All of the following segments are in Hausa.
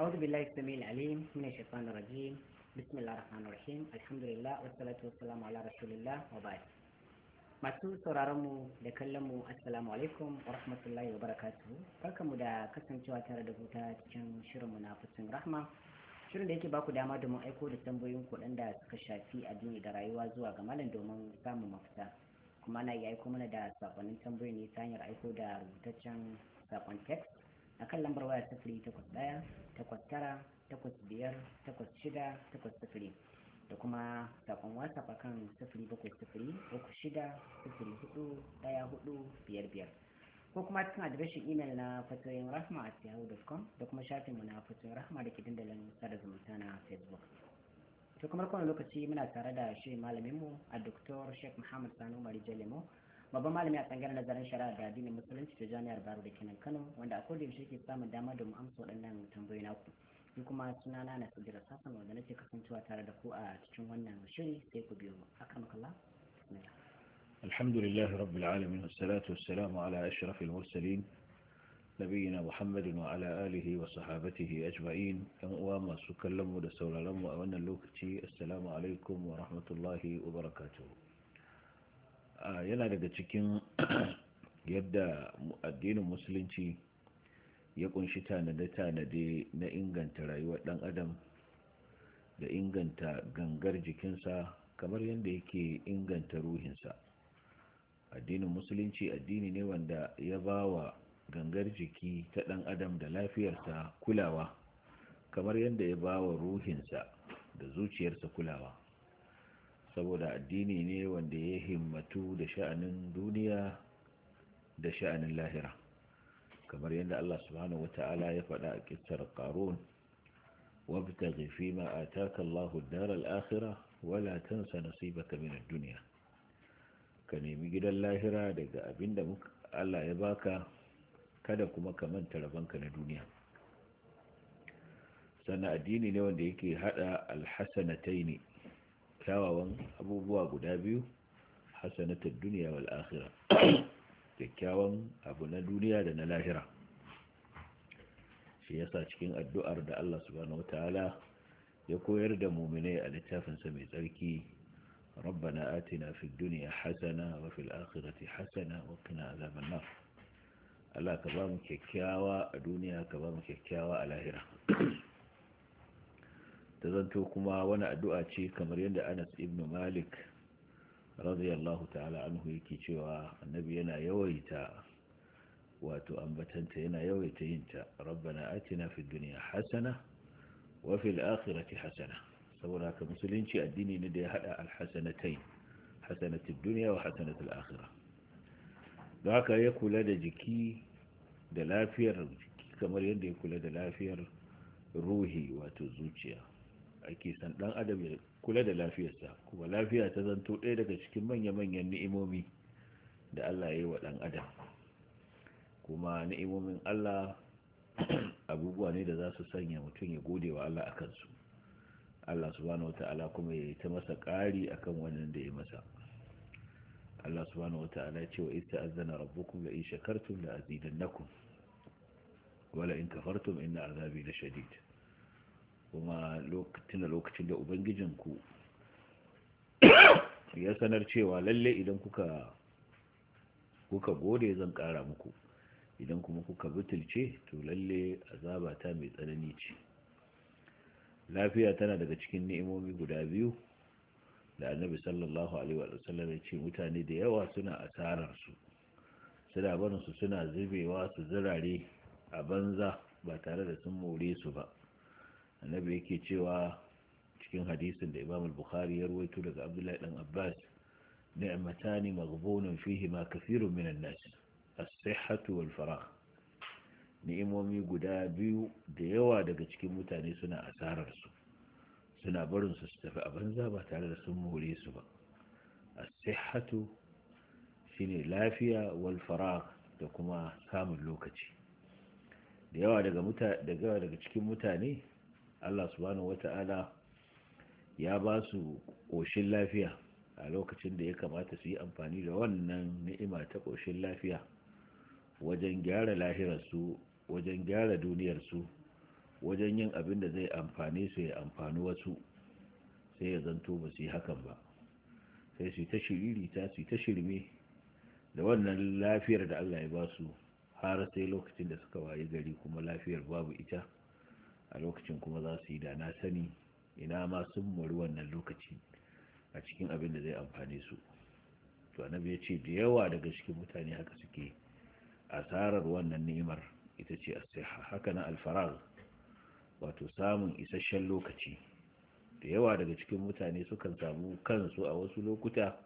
أعوذ بالله السميع العليم من الشيطان الرجيم بسم الله الرحمن الرحيم الحمد لله والصلاة والسلام على رسول الله وبعد masu sauraronmu da kallonmu assalamu alaikum wa rahmatullahi wa barakatuhu mu da kasancewa tare da huta cikin shirin na fusin rahma shirin da yake baku dama domin aiko da tambayoyin kuɗin da suka shafi addini da rayuwa zuwa ga malam domin samun mafita kuma na yi aiko mana da sakonnin tambayoyi ne ta hanyar aiko da rubutaccen sakon text a kan lambar waya sifiri takwas ɗaya takwas tara takwas biyar takwas shida takwas sifiri da kuma sakon whatsapp akan kan sifiri bakwai sifiri uku shida sifiri hudu ɗaya hudu biyar biyar ko kuma cikin adireshin imel na fatoyin rahma a yahoo.com da kuma shafin mu na fatoyin rahma da ke dandalin sada zumunta na facebook to kamar kowane lokaci muna tare da shi malaminmu a Dr. Sheikh Muhammad sanu Umar Jalemo babban malami a tsangar nazarin shari'a da addinin musulunci ta jami'ar baro da kenan kano wanda a koda yaushe ke samun dama domin amsa waɗannan tambayoyi naku ni kuma sunana na sujira sassan wanda nake kasancewa tare da ku a cikin wannan shiri sai ku biyo akan ashrafil الحمد لله رب العالمين والصلاة والسلام wa أشرف المرسلين نبينا محمد وعلى آله وصحابته أجمعين وما mu a wannan lokaci اللوكتي السلام عليكم ورحمة الله وبركاته yana daga cikin yadda addinin musulunci ya kunshi tanade-tanade na inganta rayuwar dan adam da inganta gangar jikinsa kamar yadda yake inganta ruhinsa addinin musulunci addini ne wanda ya ba wa gangar jiki ta dan adam da lafiyarsa kulawa kamar yadda ya ba wa ruhinsa da zuciyarsa kulawa saboda addini ne wanda ya himmatu da sha'anin duniya da sha'anin lahira kamar yadda Allah subhanahu wata'ala ya faɗa a ƙisar ƙarun wabtaghi zafi ma ataka Allahu akhira wala tansa nasibaka min ad ka nemi gidan lahira daga abinda Allah ya baka kada kuma ka manta rabanka na duniya sannan addini ne wanda yake haɗa alhassanatai ne. kyawawan abubuwa guda biyu hasanatar duniya wal akhira kyakkyawan abu na duniya da na lahira shi yasa cikin addu'ar da Allah subhanahu wataala ya koyar da mu'minai a littafinsa mai tsarki ربنا آتنا hasana wa fil akhirati hasana wa qina azaban nar Allah ka ba mu kyakkyawa a duniya ka ba mu kyakkyawa a lahira ta zanto kuma wani addu'a ce kamar yadda anas ibn malik radiyallahu ta'ala anhu yake cewa annabi yana yawaita wato ambatanta yana yawaita yinta rabbana atina fid hasana wa fil akhirati hasana saboda haka musulunci addini ne da ya hada alhasanatai hasanatid duniya wa hasanatul akhira don haka ya kula da jiki da lafiyar jiki kamar yadda ya kula da lafiyar ruhi wato zuciya ake san dan adam ya kula da lafiyarsa kuma lafiya ta zanto ɗaya daga cikin manya-manyan ni'imomi da Allah ya yi wa dan adam kuma ni'imomin Allah abubuwa ne da za su sanya mutum ya gode wa Allah a kansu Allah subhanahu ta'ala kuma ya yi ta masa ƙari akan wannan da ya masa Allah subhanahu ta'ala ce wa ita azana rabbukum la in shakartum la azidannakum wala in kafartum inna azabi la shadid kuma lokacin da lokacin da ubangijinku ya sanar cewa lalle idan kuka kuka gode zan kara muku idan kuma kuka butulce to lalle azaba ta mai tsanani ce lafiya tana daga cikin ni'imomi guda biyu da annabi sallallahu alaihi wa sallam ya ce mutane da yawa suna asarar su suna barin su suna zubewa su zurare a banza ba tare da sun more su ba annabi yake cewa cikin hadisin da imam al-bukhari ya ruwaito daga abdullahi dan abbas ni'matani maghbunun fihi ma kathirun minan nas as-sihhatu wal faragh ni'imomi guda biyu da yawa daga cikin mutane suna asarar su suna barin su tafi a banza ba tare da sun more su ba as-sihhatu shine lafiya wal faragh da kuma samun lokaci da yawa daga cikin mutane Allah subhanahu wata'ala ya ba su ƙoshin lafiya a lokacin da ya kamata su yi amfani da wannan ni'ima ta ƙoshin lafiya wajen gyara lahirarsu wajen gyara duniyarsu wajen yin abin da zai amfani su ya amfani wasu sai ya zanto ba su yi hakan ba sai su ta shiriri ta su ta shirme da wannan lafiyar da Allah ya ba su har sai lokacin da suka waye gari kuma lafiyar babu ita a lokacin kuma za su yi da na sani ina ma sun mori wannan lokaci a cikin abin da zai amfani su to na ya ce da yawa daga cikin mutane haka suke asarar wannan ni'imar ita ce a siha haka na al wato samun isasshen lokaci da yawa daga cikin mutane sukan samu kansu a wasu lokuta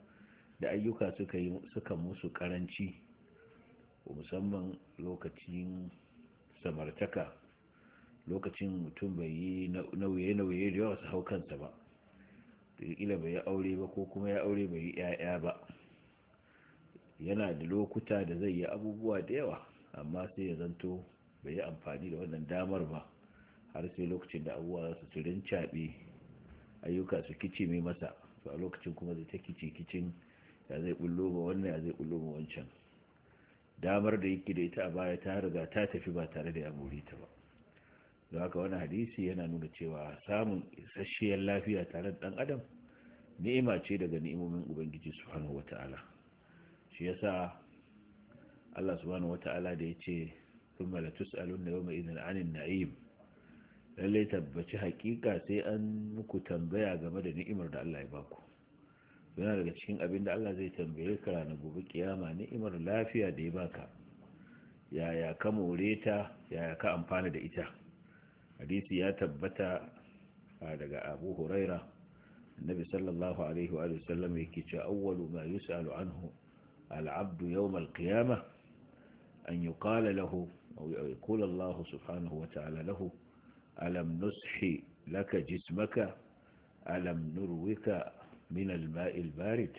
da ayyuka suka yi sukan musu karanci musamman lokacin samartaka lokacin mutum bai yi nauye-nauye da yawa su hau kansa ba ƙila bai yi aure ba ko kuma ya aure bai yi 'ya'ya ba yana da lokuta da zai yi abubuwa da yawa amma sai ya zanto bai yi amfani da wannan damar ba har sai lokacin da abubuwa za su turin caɓe ayyuka su kici mai masa to a lokacin kuma zai ta kici kicin ya zai bullo ma wannan ya zai bullo ma wancan damar da yake da ita a baya ta riga ta tafi ba tare da ya more ta ba da haka wani hadisi yana nuna cewa samun isasshiyar lafiya tare da dan adam ni'ima ce daga ni'imomin ubangiji subhanahu wata'ala shi yasa Allah subhanahu wata'ala da ya ce kuma la tus'aluna yawma idhin anin na'im lalle tabbaci hakika sai an muku tambaya game da ni'imar da Allah ya baku yana daga cikin abin da Allah zai tambaye ka ranar gobe kiyama ni'imar lafiya da ya baka yaya ka more ta yaya ka amfana da ita حديث يا تبتا هذا آه، أبو هريرة النبي صلى الله عليه وآله وسلم ce أول ما يسأل عنه العبد يوم القيامة أن يقال له أو يقول الله سبحانه وتعالى له ألم نسحي لك جسمك ألم نروك من الماء البارد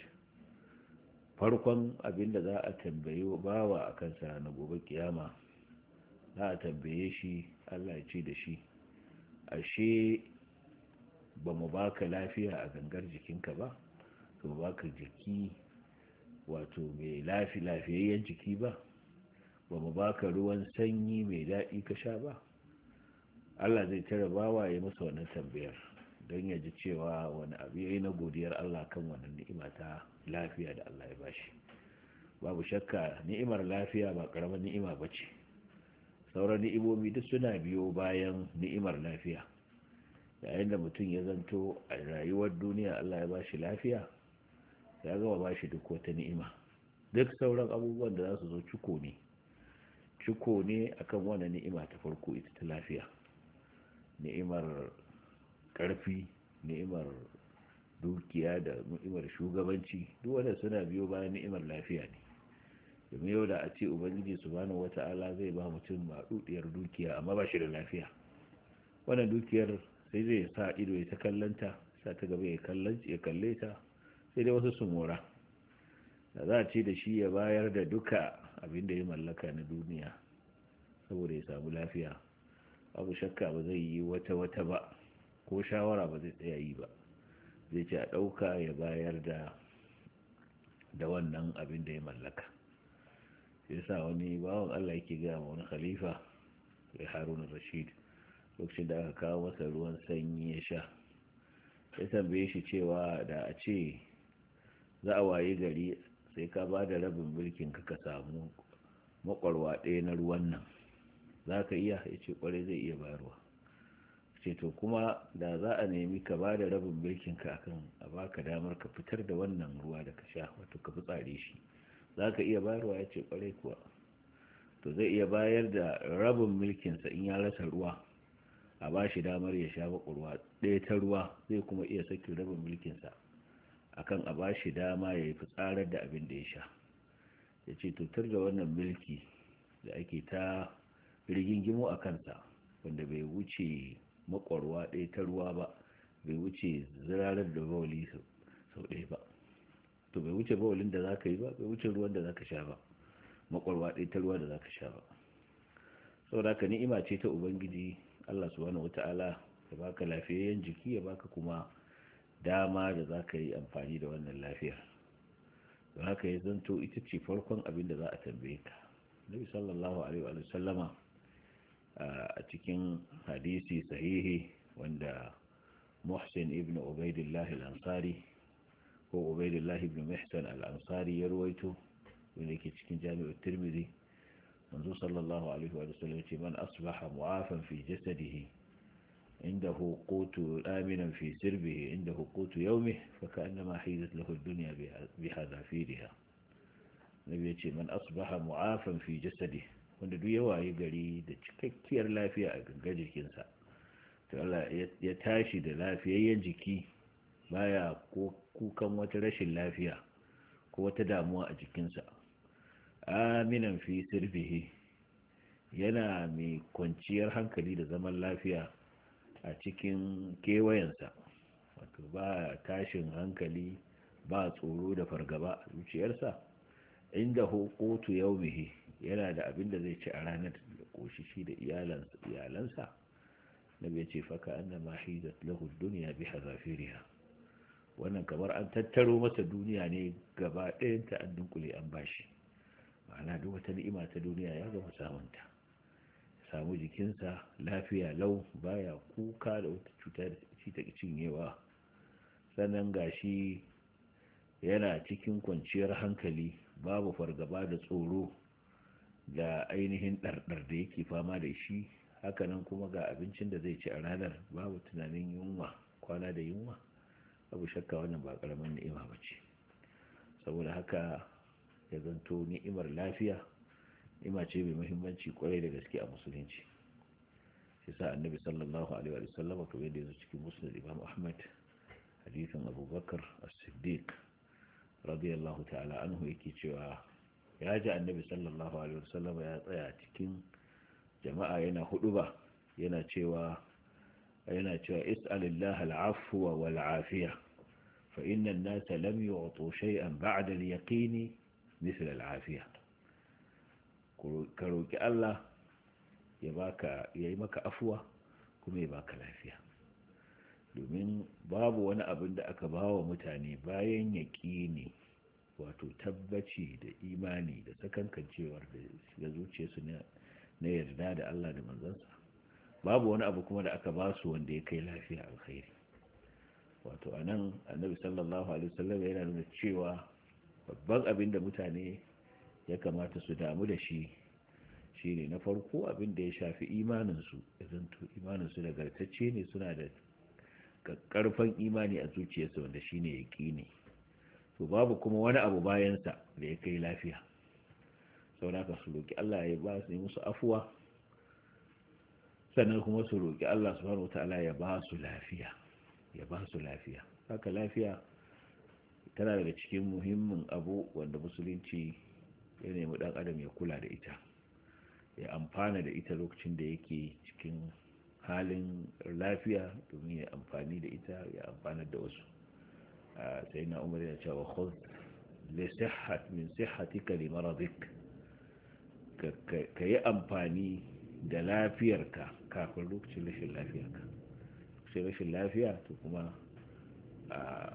فرقا أبن ذا أتنبيو باوا أكنسى أبو القيامة za a tambaye shi allah ce da shi ashe ba mu baka lafiya a gangar jikinka ba ba mu baka jiki wato mai lafi lafiyayyen jiki ba ba mu baka ruwan sanyi mai daɗi ka sha ba allah zai tara bawa ya masa wannan tambayar don ya ji cewa wani abu ya yi na godiyar allah kan wannan ni'ima ta lafiya da allah ya bashi babu shakka ni'imar lafiya ba ƙaramin ni'ima ba ce sauran ni'imomi duk suna biyo bayan ni'imar lafiya yayin da mutum ya zanto a rayuwar duniya Allah ya bashi lafiya ya gama bashi duk wata ni'ima duk sauran abubuwan da za su zo ciko ne ciko ne akan wannan ni'ima ta farko ita ta lafiya ni'imar karfi ni'imar dukiya da ni'imar shugabanci duk wanda suna biyo bayan ni'imar lafiya ne domin yau da a ce ubangiji su bani wata ala zai ba mutum maɗuɗiyar dukiya amma ba shi da lafiya wannan dukiyar sai zai sa ido ya ta kallanta sa ta gaba ya kalle ta sai dai wasu su mora da za a ce da shi ya bayar da duka abin da ya mallaka na duniya saboda ya samu lafiya abu shakka ba zai yi wata wata ba ko shawara ba zai tsaya yi ba zai ce a ɗauka ya bayar da da wannan abin da ya mallaka ya sa wani bawan Allah yake gaya ma wani khalifa ya harun rashid lokacin da aka kawo masa ruwan sanyi ya sha ya tambaye shi cewa da a ce za a waye gari sai ka ba da rabin mulkin ka ka samu makwarwa ɗaya na ruwan nan za ka iya ya ce kwarai zai iya bayarwa ce to kuma da za a nemi ka ba da rabin mulkin ka akan a baka damar ka fitar da wannan ruwa da ka sha wato ka fitsare shi za ka iya bayarwa ya ce kwarai kuwa to zai iya bayar da rabin mulkinsa in ya rasa ruwa a ba shi damar ya sha ruwa ɗaya ta ruwa zai kuma iya saki rabin mulkinsa akan a ba shi dama ya yi fitsarar da abin da ya sha ya ce tutar da wannan mulki da ake ta gimo a kansa wanda bai wuce makwarwa ɗaya ta ruwa ba bai wuce zirarar da bauli sau ɗaya ba to bai wuce ba da za ka yi ba bai wuce ruwan da za ka sha ba makwarwa ɗai ta ruwa da za ka sha ba saboda ka ni'ima ce ta ubangiji allah subhanahu wata'ala ya baka lafiyayyen jiki ya baka kuma dama da za ka yi amfani da wannan lafiyar don haka ya zanto ita ce farkon abin da za a tambaye ka nabi sallallahu alaihi wa sallama a cikin hadisi sahihi wanda muhsin ibn ubaidillah al-ansari ko ubaidullah ibn mihsan al-ansari ya ruwaito wanda yake cikin jami'ar tirmidhi manzo sallallahu alaihi wa sallam ce man asbaha mu'afan fi jasadihi inda qutu aminan fi sirbihi inda qutu yawmihi fa ka'annama hizat lahu ad-dunya bi hadafiriha nabi yace man asbaha mu'afan fi jasadihi wanda duk yawa ya gari da cikakkiyar lafiya a gangar jikinsa to Allah ya tashi da lafiyayyen jiki baya ko kukan wata rashin lafiya ko wata damuwa a jikinsa aminan fi sirbihi yana mai kwanciyar hankali da zaman lafiya a cikin kewayensa wato ba tashin hankali ba tsoro da fargaba a zuciyarsa inda hukutu yaumihi yana da abin da zai ci a ranar da koshishi da iyalansa na bai ce faka an da mahizat duniya bi hazafiriya wannan kamar an tattaro mata duniya ne gaba ta an dunkule an bashi ma'ana duk wata ni'ima ta duniya ya gama samunta samu jikinsa lafiya lau baya kuka da wata cuta da ci ta cinyewa sannan gashi yana cikin kwanciyar hankali babu fargaba da tsoro da ainihin ɗarɗar da yake fama da shi hakanan kuma ga abincin da zai ci a ranar babu tunanin yunwa kwana da yunwa abu shakka wannan ba karamin ni'ima ba ce saboda haka ya zanto ni'imar lafiya ni'ima ce mai muhimmanci kwarai da gaske a musulunci shi sa annabi sallallahu alaihi wa sallam to yadda yanzu cikin musulun imam ahmad hadithin abubakar as-siddiq radiyallahu ta'ala anhu yake cewa ya ji annabi sallallahu alaihi wa sallam ya tsaya cikin jama'a yana huduba yana cewa yana cewa is'alillah al'afuwa wal afiya fa inna an-nasa lam yu'tu shay'an ba'da al-yaqini misl al'afiya afiya ka roki Allah ya baka yayi maka afuwa kuma ya baka lafiya domin babu wani abin da aka bawa mutane bayan yaqini wato tabbaci da imani da sakankancewar da zuciyarsu na yarda da Allah da manzansa babu wani abu kuma da aka ba su wanda ya kai lafiya alkhairi wato anan, annabi sallallahu alaihi wasallam yana nuna cewa babban abin da mutane ya kamata su damu da shi shine na farko abin da ya shafi imaninsu zanto da gartacce ne suna da karfan imani a zuciyarsu wanda shine yaƙini to babu kuma wani abu bayansa da ya kai lafiya saboda haka su roki Allah ya ba su musu afuwa sannan kuma su roƙi Allah subhanahu wataala ya ba su lafiya ya ba su lafiya haka lafiya tana daga cikin muhimmin abu wanda musulunci ya nemi dan adam ya kula da ita ya amfana da ita lokacin da yake cikin halin lafiya domin ya amfani da ita ya amfana da wasu sai na umar ya cewa khudh li sihhat min sihhatika li maradik ka yi amfani da lafiyarka kafin lokacin rashin lafiyarka lokacin rashin lafiya to kuma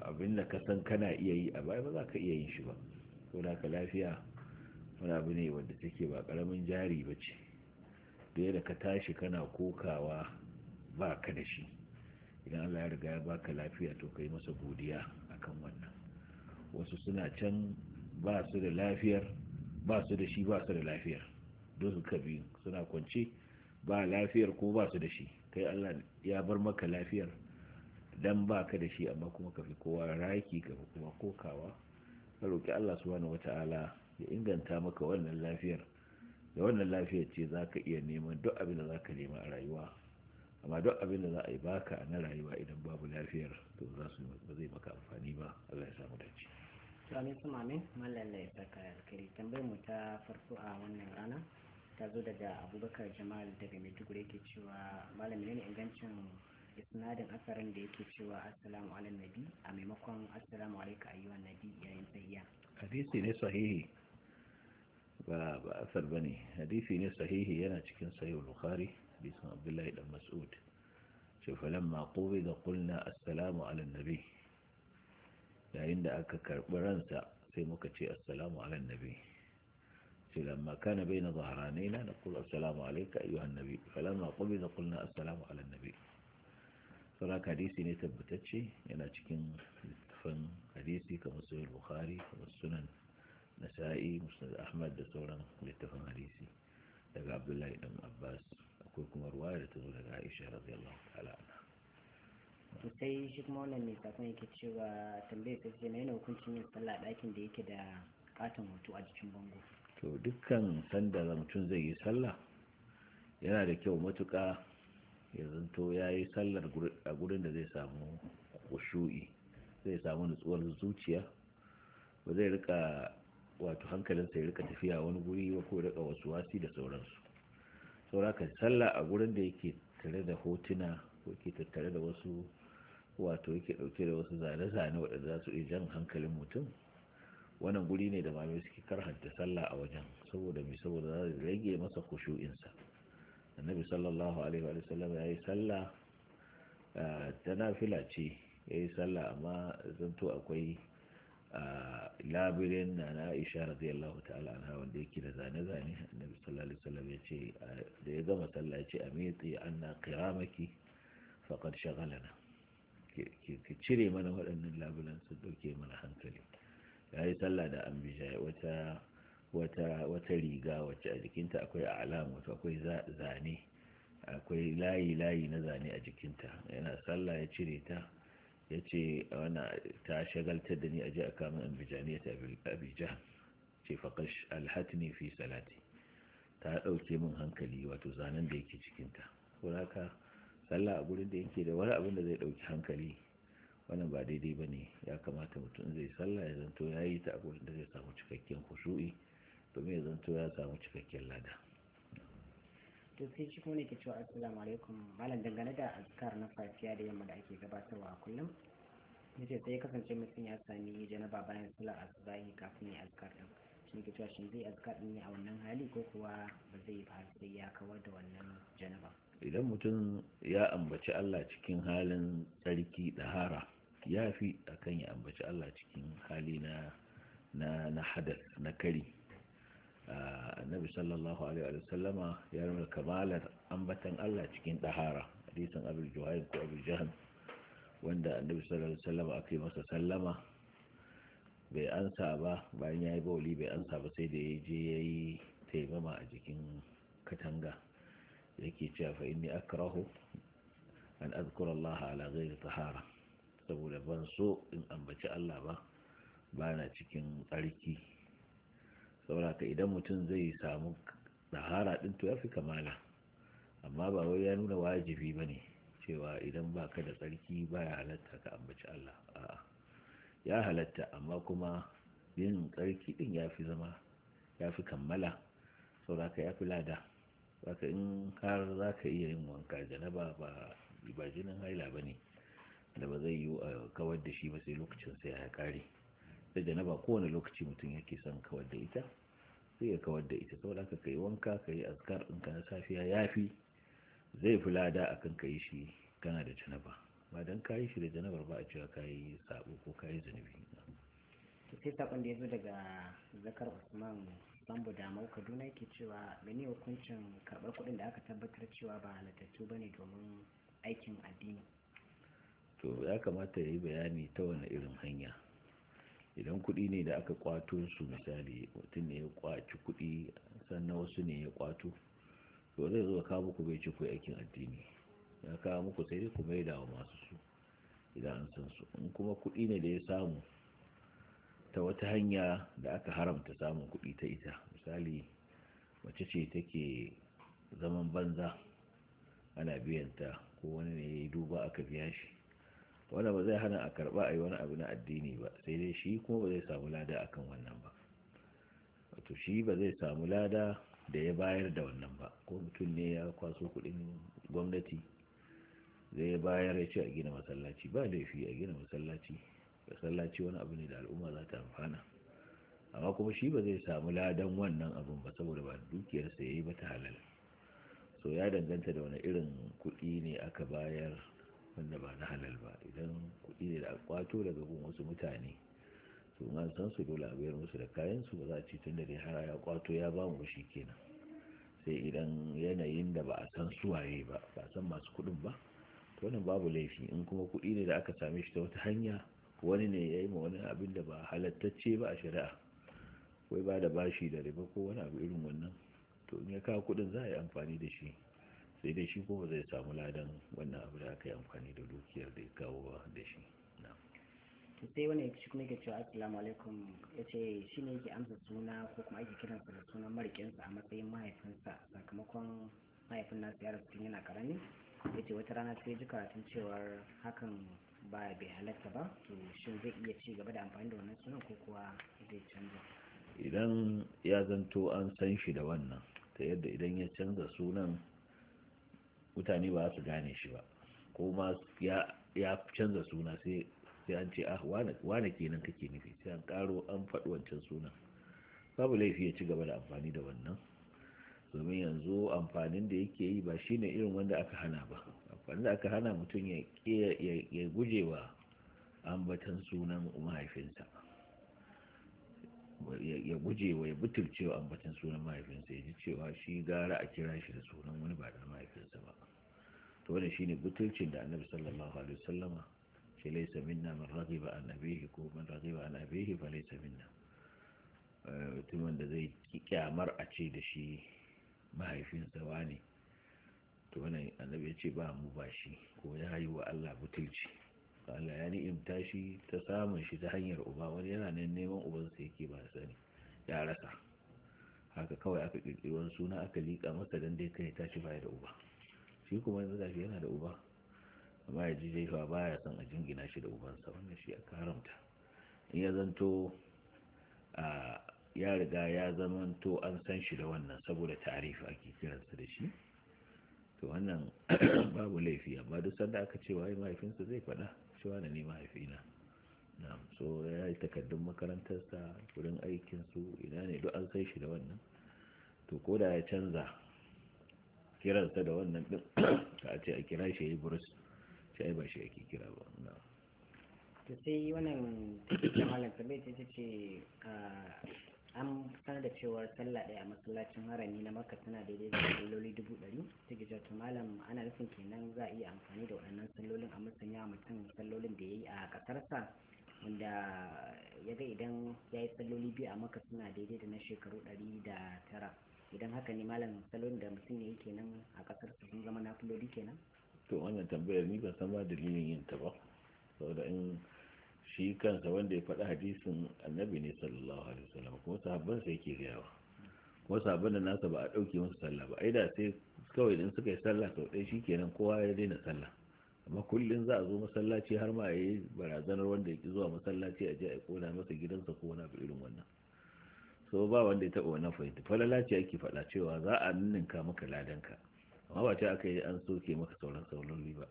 abin da ka san kana iya yi a baya ba za ka iya yin shi ba ko da ka lafiya wani abu ne wanda take ba karamin jari ba ce da yadda ka tashi kana kokawa ba ka da shi idan allah ya riga ya ba ka lafiya to ka yi masa godiya a kan wannan wasu suna can ba su da lafiyar ba su da shi ba su da lafiyar duka kabi suna kwance ba lafiyar ko ba su da shi kai Allah ya bar maka lafiyar dan ba ka da shi amma kuma ka fi kowa raki ka fi kuma kokawa ka roƙi Allah subhanahu wata'ala ya inganta maka wannan lafiyar da wannan lafiyar ce za ka iya neman duk abin da za ka nema a rayuwa amma duk abin da za a yi baka na rayuwa idan babu lafiyar to za su ba zai maka amfani ba Allah ya samu dace amin su mamin mallan da ya saka alkiri tambayar mu ta farko a wannan rana ta zo daga abubakar jamal daga maiduguri yake cewa malamin ne ingancin isnadin asarin da yake cewa assalamu alaikum nabi a maimakon assalamu alaika ayyuwa nabi yayin tsayiya hadisi ne sahihi ba ba asar bane hadisi ne sahihi yana cikin sahih bukhari hadisin abdullahi dan mas'ud ce falamma qubida qulna assalamu ala nabi yayin da aka karbi ransa sai muka ce assalamu ala nabi لما كان بين ظهرانينا نقول السلام عليك أيها النبي فلما قبض قلنا السلام على النبي فراك حديثي نتبتتشي ينا تشكين لتفن حديثي كمسوي البخاري والسنن نسائي مسند أحمد دسورا لتفن حديثي لقى عبد الله بن عباس أقول كما رواية تقول لقى عائشة رضي الله تعالى عنها to sai shi kuma wannan mai sakon yake cewa tambayar ta ce mai hukuncin yin sallah ɗakin da yake da katon hoto a jikin bango to dukkan sanda mutum zai yi sallah yana da kyau matuƙa ya zanto ya yi sallar a gurin da zai samu kushu'i zai samu nutsuwar zuciya ba zai rika wato hankalinsa ya rika tafiya wani guri ba ko rika wasu wasi da sauransu sauraka sallah a gurin da yake tare da hotuna ko ke tattare da wasu wato yake dauke da wasu zane-zane waɗanda za su iya jan hankalin mutum wannan guri ne da malamai suke karhanta sallah a wajen saboda mai saboda za su rage masa kushu'insa annabi sallallahu alaihi wa sallam ya yi sallah ta nafila ce ya yi sallah amma zanto akwai labirin na na isha radiyallahu ta'ala anha wanda yake da zane-zane annabi sallallahu alaihi wasallam ya ce da ya gama sallah ya ce a an na qiramaki fakar shagalana ki cire mana waɗannan labulan su dauke mana hankali ya yi sallah da ambisha wata riga wacce a jikinta akwai alam akwai zane akwai layi layi na zane a jikinta yana sallah ya cire ta ya ce wana ta shagaltar da ni a ji a kamun ambijani ta abija ce faƙash alhatni fi salati ta ɗauke min hankali wato zanen da yake cikinta ko haka sallah a gurin da yake da wani abin da zai ɗauki hankali wannan ba daidai ba ne ya kamata mutum zai sallah ya zanto ya yi ta abubuwan da zai samu cikakken kushu'i domin ya zanto ya samu cikakken lada to sai shi kuma ne ke cewa assalamu alaikum malam dangane da azkar na fasiya da yamma da ake gabatarwa a kullum ce sai kasance mutum ya sami janaba bayan sallar asubahi kafin ya azkar din shi ne ke cewa shi zai azkar din ne a wannan hali ko kuwa ba zai yi ba sai ya kawar da wannan janaba idan mutum ya ambaci Allah cikin halin tsarki dahara ya fi akan ya ambaci Allah cikin hali na na na kari annabi sallallahu alaihi wa sallama ya nuna kamalar ambatan Allah cikin dahara hadisin abul juhayn ko abul jahan wanda annabi sallallahu alaihi wa sallama aka masa sallama bai ansa ba bayan ya yi bauli bai ansa ba sai da ya je ya yi taimama a jikin katanga yake cewa fa inni akrahu an azkura Allah ala ghairi tahara saboda ban so in ambaci Allah ba ba na cikin tsarki sauraka idan mutum zai samu ɗahara ɗin to ya fi kamala amma ba wai ya nuna wajibi ba ne cewa idan ba ka da tsarki ba ya halatta ka ambaci Allah a'a ya halatta amma kuma yin tsarki ɗin ya fi zama ya fi kammala ka ya fi lada zaka in har za ka iya yin wanka janaba ba jinin haila ba ne da ba zai yiwu a kawar da shi ba sai lokacin sai ya kare sai da na ba kowane lokaci mutum yake son kawar da ita sai ya kawar da ita saboda ka kai wanka ka yi azkar ɗinka na safiya ya fi zai fi lada akan ka yi shi kana da janaba ba don ka yi shi da janabar ba a cewa ka yi sabo ko ka yi zunubi sai sakon da ya zo daga zakar usman sambo da kaduna yake cewa mene hukuncin karɓar kuɗin da aka tabbatar cewa ba halittattu ba ne domin aikin addini to ya kamata ya yi bayani ta wani irin hanya idan kuɗi ne da aka kwato su misali mutum ne ya kwaci kuɗi sannan wasu ne ya kwato to zai zo kawo muku bai aikin addini ya kawo muku sai ku mai da masu su idan an san su in kuma kuɗi ne da ya samu ta wata hanya da aka haramta samun kuɗi ta ita misali mace ce take zaman banza ana biyan ta ko wani ne ya yi duba aka biya shi wanda ba zai hana a karba a yi wani abu na addini ba sai dai shi kuma ba zai samu lada a kan wannan ba wato shi ba zai samu lada da ya bayar da wannan ba ko mutum ne ya kwaso kudin gwamnati zai bayar ya ce a gina masallaci ba laifi a gina masallaci masallaci wani abu ne da al'umma za ta amfana amma kuma shi ba zai samu ladan wannan abun ba saboda ba dukiyarsa ya yi ba ta halal so ya danganta da wani irin kuɗi ne aka bayar wanda ba na halal ba idan kuɗi ne da akwato daga gun wasu mutane to ma san su dole a bayar musu da kayan su ba za a ci tun da dai har ya kwato ya ba mu shi kenan sai idan yanayin da ba a san su waye ba ba a san masu kuɗin ba to wannan babu laifi in kuma kuɗi ne da aka same shi ta wata hanya wani ne ya yi ma wani abin da ba halattacce ba a shari'a wai ba da bashi da riba ko wani abu irin wannan to in ya kawo kuɗin za a yi amfani da shi sai dai shi ko ba zai samu ladan wannan abu da aka yi amfani da dukiyar da ya kawo da shi sai wani shi kuma yake cewa assalamu alaikum ya ce shi ne yake amsa suna ko kuma ake kiransa da sunan marikinsa a matsayin mahaifinsa sakamakon mahaifin nasu yara da yana karami ya ce wata rana sai ji karatun cewar hakan ba bai halatta ba to shin zai iya ci gaba da amfani da wannan sunan ko kuwa zai canza idan ya zanto an san shi da wannan ta yadda idan ya canza sunan mutane ba su gane shi ba ko ma ya canza suna sai an ce ah wane kenan kake nufi sai an karo an faɗi wancan suna babu laifi ya ci gaba da amfani da wannan domin yanzu amfanin da yake yi ba shine irin wanda aka hana ba amfanin da aka hana mutum ya guje wa ambatan sunan mahaifinsa ya guje wa ya butulce wa ambatan sunan mahaifinsa ya ji cewa shi gara a kira shi da sunan wani ba da mahaifinsa ba to wannan shine butulcin da annabi sallallahu alaihi wasallama shi laisa minna man raghiba an abihi ko man raghiba an abihi fa laisa minna eh, mutumin da zai kyamar a ce da shi mahaifinsa wani to wannan annabi ya ce ba mu ba shi ko ya yi wa Allah butulci kala ya in tashi ta samun shi ta hanyar uba wani yana nan neman ubansa yake ba sani ya rasa haka kawai aka kirkiri wani suna aka lika masa dan dai kai tashi baya da uba shi kuma yanzu gashi yana da uba amma ya ji fa baya san a jingina shi da ubansa wannan shi aka haramta in ya zanto a ya riga ya zamanto an san shi da wannan saboda tarifa ake kiransa da shi to wannan babu laifi amma duk sanda aka ce wai mahaifinsa zai faɗa cewa da ne mahaifina na so ya yi takardun makarantarsa wurin aikinsu ina ne duk an sai shi da wannan to ko da ya canza kiransa da wannan din ka a ce a kira shi ya yi burus shi ai ba shi ake kira ba na to sai wannan malam ce ce ah, an sanar da cewar sallah daya a masallacin harami na maka tana daidai da salloli dubu ɗari ta gija ta malam ana nufin kenan za a iya amfani da waɗannan sallolin a a mutum sallolin da ya yi a ƙasarsa wanda ya ga idan ya yi salloli biyu a maka suna daidai da na shekaru ɗari da tara idan haka ne malam sallolin da mutum ya yi kenan a ƙasarsa sun zama na kenan to wannan tambayar ni ban san ba dalilin yin ta ba saboda in shi kansa wanda ya faɗi hadisin annabi ne sallallahu alaihi wasallam kuma sahabban sai yake gayawa kuma sahabban da nasa ba a ɗauke musu sallah ba ai sai kawai idan suka yi sallah sau ɗaya kenan kowa ya daina sallah amma kullum za a zo masallaci har ma yi barazanar wanda ya ki zuwa masallaci a je a kona masa gidansa ko wani abu irin wannan so ba wanda ya taɓa wannan fahimta falala ce ake faɗa cewa za a ninka maka ladanka amma ba ta aka yi an soke maka sauran sauran ba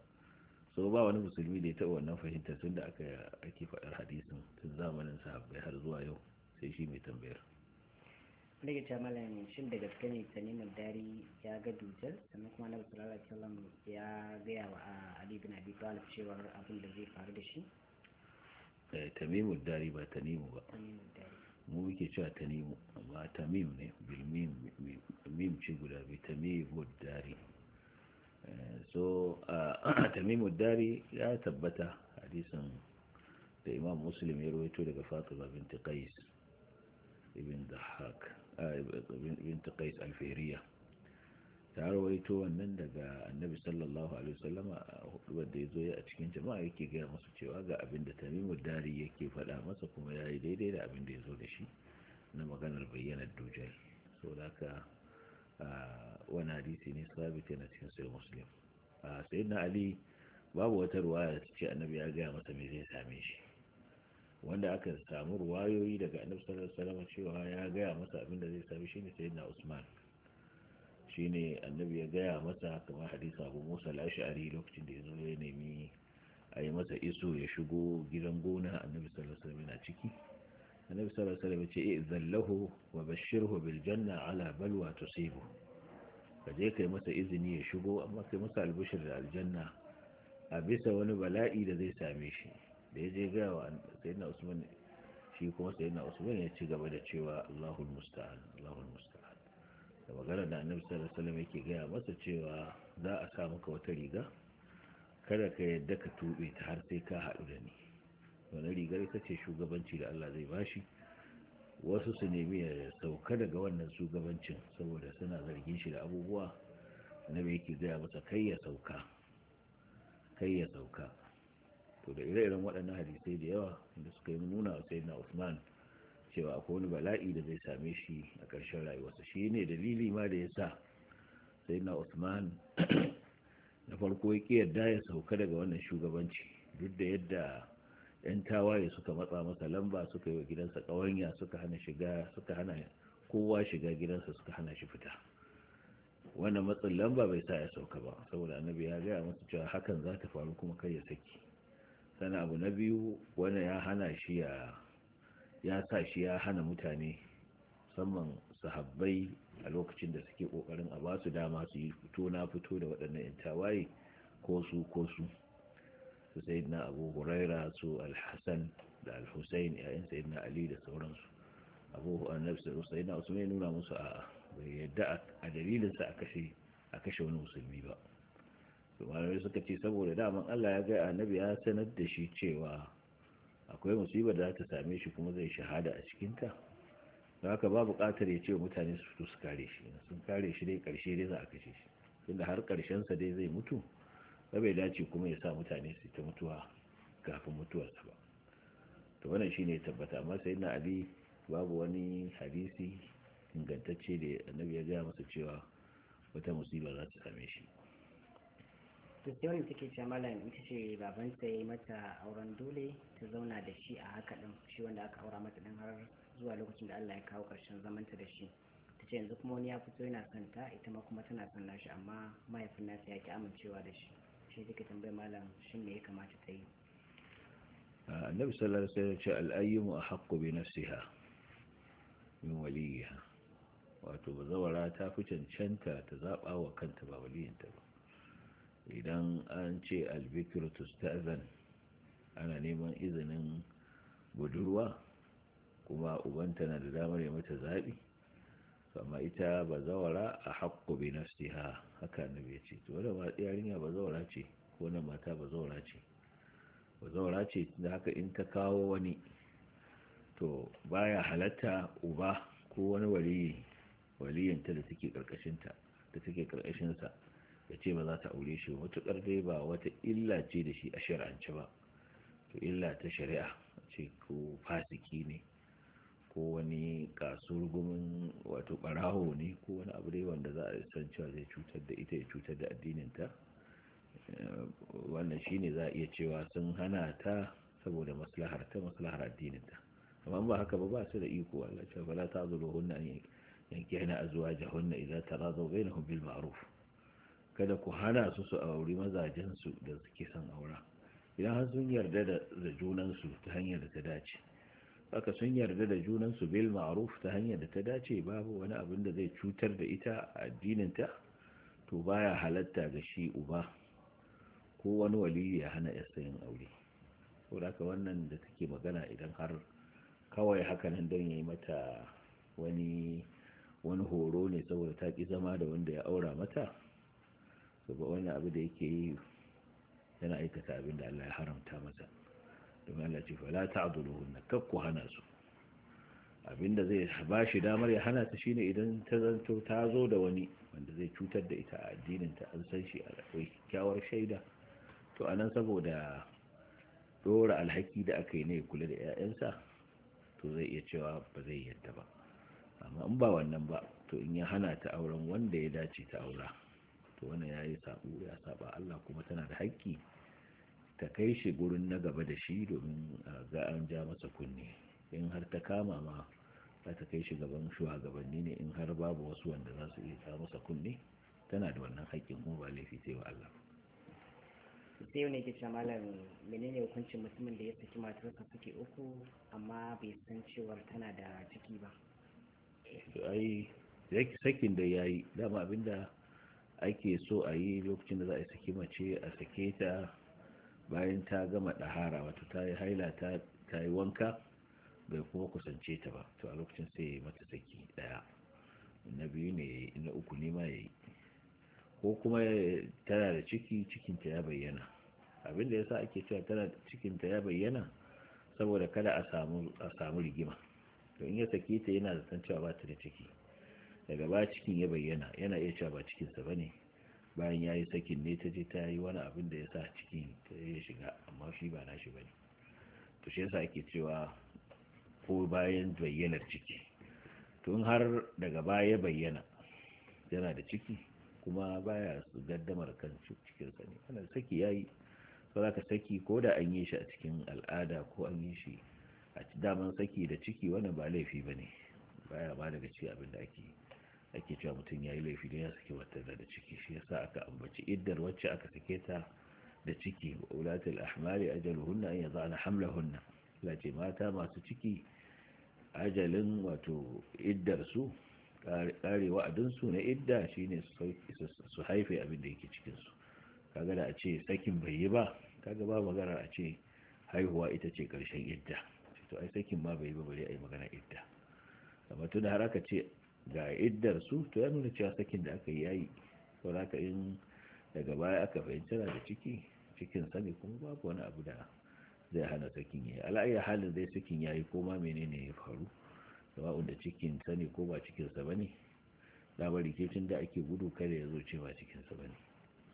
so ba wani musulmi da ya taɓa wannan fahimtar tun da aka ake faɗar hadisin tun zamanin sahabbai har zuwa yau sai shi mai tambayar daga ta ne shin da gaske ne tanimin dari ya ga dujal sannan kuma na sallallahu alaihi wasallam ya gaya wa ali bin abi talib cewa abin da zai faru da shi eh tamimu dari ba tanimu ba mu muke cewa tanimu amma tamim ne bil mim mim ce guda bi tamimu dari Eh, so ah, tamimu dari ya tabbata hadisin da imam muslim ya rawaito daga fatima binti qais ibn dahak ah, binti qais alferiya ta rawaito wannan daga annabi sallallahu alaihi wasallam wanda ah, ya zo a cikin jama'a yake gaya masu cewa ga abin da tamimu dari yake faɗa masa kuma ya yi daidai da abin da ya zo da shi na maganar bayyanar dujal so haka wani hadisi ne sabiti na cikin sai muslim a sayyidina ali babu wata ruwaya da ce annabi ya gaya masa me zai same shi wanda aka samu ruwayoyi daga annabi sallallahu alaihi wasallam cewa ya gaya masa abin da zai same shi ne na usman shine annabi ya gaya masa kamar hadisi abu musa al-ash'ari lokacin da ya zo ya nemi a yi masa iso ya shigo gidan gona annabi sallallahu alaihi wasallam yana ciki annabi sallallahu alaihi wasallam ce izan lahu wa bashirhu bil janna ala balwa tusibu ka kai masa izini ya shigo amma kai masa albishir da aljanna a bisa wani bala'i da zai same shi da ya ga wa sayyidina usman shi kuma sayyidina usman ya ci gaba da cewa Allahul musta'an Allahul musta'an da magana da annabi sallallahu alaihi wasallam yake gaya masa cewa za a sa maka wata riga kada ka yadda ka tube ta har sai ka haɗu da ni wani rigar ita ce shugabanci da Allah zai bashi wasu su nemi ya sauka daga wannan shugabancin saboda suna zargin shi da abubuwa bai yake gaya masa kai ya sauka kai ya sauka to da ire-iren waɗannan hadisai da yawa da suka yi nuna wa sayyidina Usman cewa akwai wani bala'i da zai same shi a ƙarshen rayuwarsa shi ne dalili ma da ya sa sayyidina Usman na farko ya yarda ya sauka daga wannan shugabanci duk da yadda yan tawaye suka matsa masa lamba suka yi wa gidansa ƙawanya suka hana shiga suka hana kowa shiga gidansa suka hana shi fita wannan matsin lamba bai sa ya sauka ba saboda annabi ya gaya masa cewa hakan za ta faru kuma kai ya saki sana abu na biyu wani ya hana shi ya ya sa shi ya hana mutane musamman sahabbai a lokacin da suke kokarin a ba su dama su yi fito na fito da waɗannan yan tawaye ko su ko su su na abu huraira su alhassan da alhussein yayin sayyidina ali da sauransu abu annabi sayyidina usman ya nuna musu a bai yadda a dalilinsa a kashe a kashe wani musulmi ba malamai suka ce saboda daman allah ya gaya annabi ya sanar da shi cewa akwai musibar da za ta same shi kuma zai shahada a cikinta da haka ba buƙatar ya ce mutane su fito su kare shi sun kare shi dai ƙarshe dai za a kashe shi tunda har ƙarshensa dai zai mutu da bai dace kuma ya sa mutane su ta mutuwa kafin mutuwarsa ba to wannan shine tabbata amma sai na ali babu wani hadisi ingantacce da annabi ya gaya masa cewa wata musiba za ta same shi to sai wani take cewa malam ita ce baban sa yayi mata auren dole ta zauna da shi a haka din shi wanda aka aura mata din har zuwa lokacin da Allah ya kawo karshen zaman ta da shi ta ce yanzu kuma wani ya fito yana son ita ma kuma tana son nashi amma mahaifin nasa ya ki amincewa da shi shi suka tambaye malam shin me ya kamata ta yi annabi sallallahu alaihi wasallam ce al-ayyimu ahqqu bi nafsiha min waliha wato bazawara ta fi cancanta ta zaba wa kanta ba waliyinta ba idan an ce al-bikru tusta'zan ana neman izinin budurwa kuma ubanta na da damar ya mata zabi kama ita bazawara a haƙƙo bi ha haka na ya ce to wadda yarinya bazawara ce ko na mata bazawara ce bazawara ce da haka in ta kawo wani to baya halatta uba ko wani waliyi da take ƙarƙashinta da take karkashinsa ya ce ba za ta aure shi matuƙar dai ba wata illa ce da shi a shari'ance ba to illa ta shari'a ce ko fasiki ne ko wani kasurgumin wato barawo ne ko wani abu dai wanda za a san cewa zai cutar da ita ya cutar da addininta eh, wannan shine za a iya cewa sun hana ta saboda maslahar ta maslahar addininta amma ba haka ba ba su da iko Allah cewa bala ta zuwa hunna ne yanki hana azwajahunna idza bai bainahum bil ma'ruf kada ku hana su su auri mazajen su da suke son aura idan har sun yarda da junan su ta hanyar da ta dace aka sun yarda da junan su bil ma'ruf ta hanyar da ta dace babu wani abin da zai cutar da ita a addininta to baya halatta ga shi uba ko wani wali ya hana ya sayin aure ko haka wannan da take magana idan har kawai hakanan don yi mata wani wani horo ne saboda ta ki zama da wanda ya aura mata saboda wani abu da yake yi yana aikata abin da Allah ya haramta masa don Allah ce fala ta'duluhunna kakku hana su abinda zai ba shi damar ya hana ta shine idan ta zanto ta zo da wani wanda zai cutar da ita a addinin ta an san shi a akwai kyawar shaida to anan saboda dora alhaki da aka yi ne kula da 'ya'yansa to zai iya cewa ba zai yadda ba amma in ba wannan ba to in ya hana ta auren wanda ya dace ta aura to wannan ya yi saɓo ya saba Allah kuma tana da haƙƙi ta kai shi gurin na gaba da shi domin ga an ja masa kunne in har ta kama ma za ta kai shi gaban shugabanni ne in har babu wasu wanda za su iya masa kunne tana da wannan haƙƙin kuma ba laifi sai wa Allah sai wani ke cewa malam menene hukuncin mutumin da ya saki matarsa suke uku amma bai san cewar tana da ciki ba ai sakin da yayi dama abinda ake so a yi lokacin da za a saki mace a sake ta bayan ta gama ɗahara wata ta yi haila ta yi wanka bai kuma kusance ta ba to a lokacin sai ya yi mata saki ɗaya na biyu ne na uku ne ma ya yi ko kuma tana da ciki cikinta ya bayyana abinda ya sa ake cewa tana da cikinta ya bayyana saboda kada a samu rigima to in ya sake ta yana zaton cewa ba ta da ciki daga ba cikin ya bayyana yana iya cewa ba cikinsa ba ne bayan ya yi sakin ne ta je ta yi wani abin da ya sa cikin ta ya shiga amma shi ba shi ba ne to shi yasa ake cewa ko bayan bayyanar ciki tun har daga baya bayyana yana da ciki kuma baya su gaddamar kan cikin ne ana saki ya yi ba za ka saki ko da an yi shi a cikin al'ada ko an yi shi a daman saki da ciki wannan ba laifi ba ne baya ba daga ci abin da ake yi ake cewa mutum ya yi laifi da ya saki wata da ciki shi yasa aka ambaci iddar wacce aka sake ta da ciki wa ulatul ahmali ajaluhunna an yazana hamlahunna la ce mata masu ciki ajalin wato iddar su kare wa'adin su na idda shine su haife abin da yake cikin su kaga da a ce sakin bai yi ba kaga ba magana a ce haihuwa ita ce karshen idda to ai sakin ma bai yi ba bare ai magana idda amma tun har aka ce ga iddar su to ya nuna cewa sakin da aka yayi to ka in daga baya aka fahimci da ciki cikin sani kuma babu wani abu da zai hana sakin yayi ala'ayyar halin zai sakin yayi ko ma menene ya faru sawa'un da cikin sani ko ba cikin sa bane labari kicin da ake gudu kada ya zo cewa cikin sa bane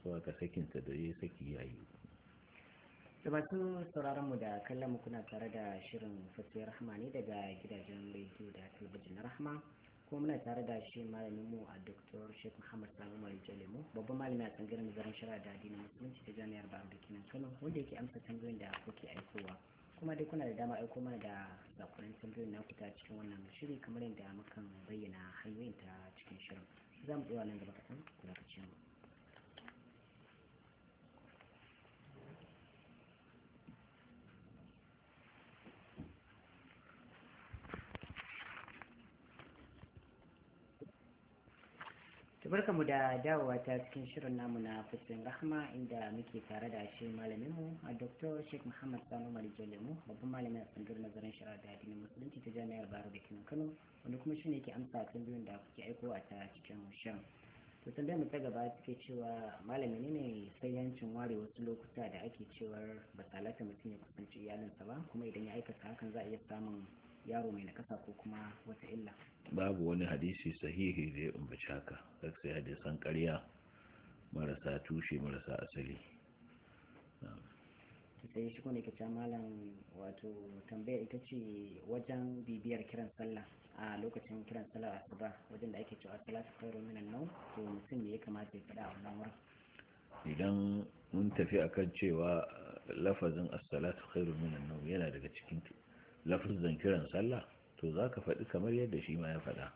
so aka sakin sa da ya saki yayi Tabbatun sauraron mu da kallon mu kuna tare da shirin fasiyar rahma ne daga gidajen rediyo da talabijin rahma kuma muna tare da shi malamin mu a Dr. Sheikh Muhammad Sani Umar Jalemu babban malami a tsangar zaren shari'a da addinin musulunci ta jami'ar Bayero da Kano wanda yake amsa tambayoyin da kuke aikowa kuma dai kuna da dama aiko mana da zakurin tambayoyin na ta cikin wannan shiri kamar yadda mukan bayyana hanyoyin ta cikin shirin za mu tsaya nan gaba kaɗan ku ce mu. tabarka mu da dawowa ta cikin shirin namu na fuskin rahma inda muke tare da shi malaminmu a dr sheikh muhammad sanu marijo lemu babban malamin a tsangar nazarin shari'a da addinin musulunci ta jami'ar baro da kano kano wanda kuma shi ne ke amsa tambayoyin da kuke aiko a ta cikin shirin to tambayar mu ta gaba take cewa malami ne sai yancin ware wasu lokuta da ake cewar ba salata mutum ya kusanci iyalinsa ba kuma idan ya aikata hakan za a iya samun yaro mai nakasa ko kuma wata illa babu wani hadisi sahihi da ya umbaci haka sai hadisan ƙarya marasa tushe marasa asali sai shi kone kaca malam wato tambaya ita ce wajen bibiyar kiran sallah a lokacin kiran sallah a asuba wajen da ake cewa salatu kairu minan nau to mutum ne ya kamata ya fada a wannan wurin idan mun tafi akan cewa lafazin as-salatu khairu minan nawm yana daga cikin lafizan kiran sallah to za ka faɗi kamar yadda shi ma ya faɗa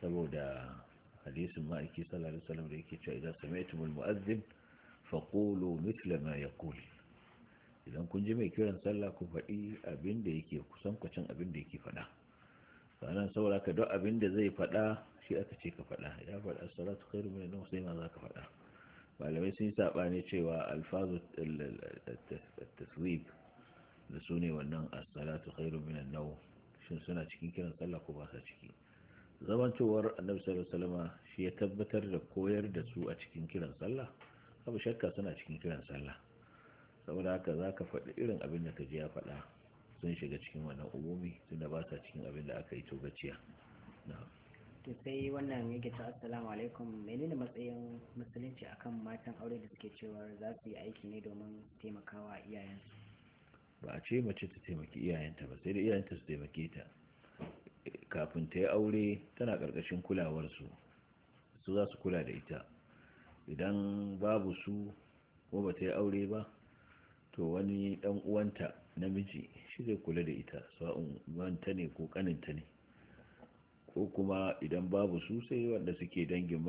saboda hadisin ma'aiki sallallahu alaihi wasallam da yake cewa idan sami'tumul mu'azzin faqulu mithla ma yaqul idan kun ji mai kiran sallah ku faɗi abin da yake kusan kwacin abin da yake faɗa sannan saboda ka duk abin da zai faɗa shi aka ce ka faɗa ya faɗa salatu khairu min an sai ma za ka faɗa malamai sun yi sabani cewa alfazu at-taswib da su ne wannan asalatu salatu khairu minan nawm shin suna cikin kiran sallah ko ba sa ciki zamantowar annabi sallallahu alaihi wasallama shi ya tabbatar da koyar da su a cikin kiran sallah abu shakka suna cikin kiran sallah saboda haka zaka faɗi irin abin da kaje ya faɗa sun shiga cikin wannan umumi tunda ba sa cikin abin da aka yi to gaciya to sai wannan yake ta assalamu alaikum menene matsayin musulunci akan matan aure da suke cewa za su yi aiki ne domin taimakawa iyayensu ba a ce mace ta taimaki iyayenta ba sai da iyayenta su taimake ta kafin ta yi aure tana ƙarƙashin kulawarsu su za su kula da ita idan babu su ko ba ta yi aure ba to wani ɗan uwanta namiji shi zai kula da ita sa'un wanta ne ko ƙaninta ne ko kuma idan babu su sai wanda suke dangin